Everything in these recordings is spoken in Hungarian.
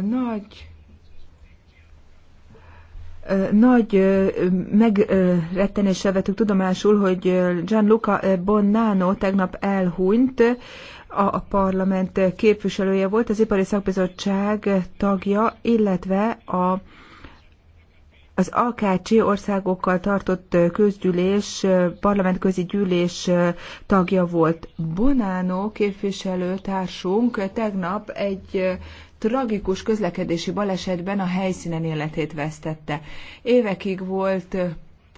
nagy nagy megrettenéssel vettük tudomásul, hogy Gianluca Bonnano tegnap elhunyt, a parlament képviselője volt, az Ipari Szakbizottság tagja, illetve a, az AKC országokkal tartott közgyűlés, parlamentközi gyűlés tagja volt. Bonano képviselőtársunk. tegnap egy tragikus közlekedési balesetben a helyszínen életét vesztette. Évekig volt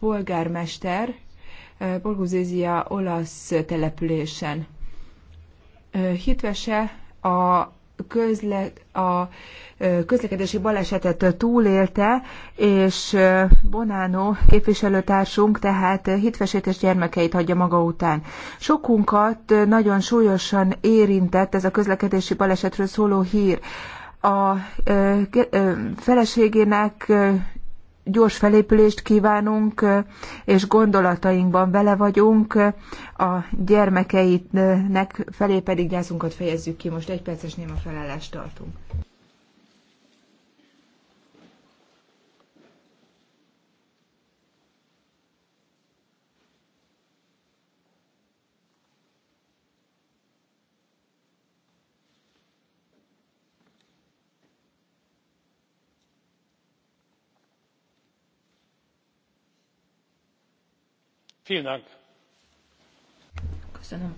polgármester Borguzézia olasz településen. Hitvese a közle, a közlekedési balesetet túlélte, és Bonánó képviselőtársunk tehát és gyermekeit hagyja maga után. Sokunkat nagyon súlyosan érintett ez a közlekedési balesetről szóló hír. A feleségének gyors felépülést kívánunk, és gondolatainkban vele vagyunk, a gyermekeinek felé pedig gyászunkat fejezzük ki. Most egy perces néma felállást tartunk. köszönöm.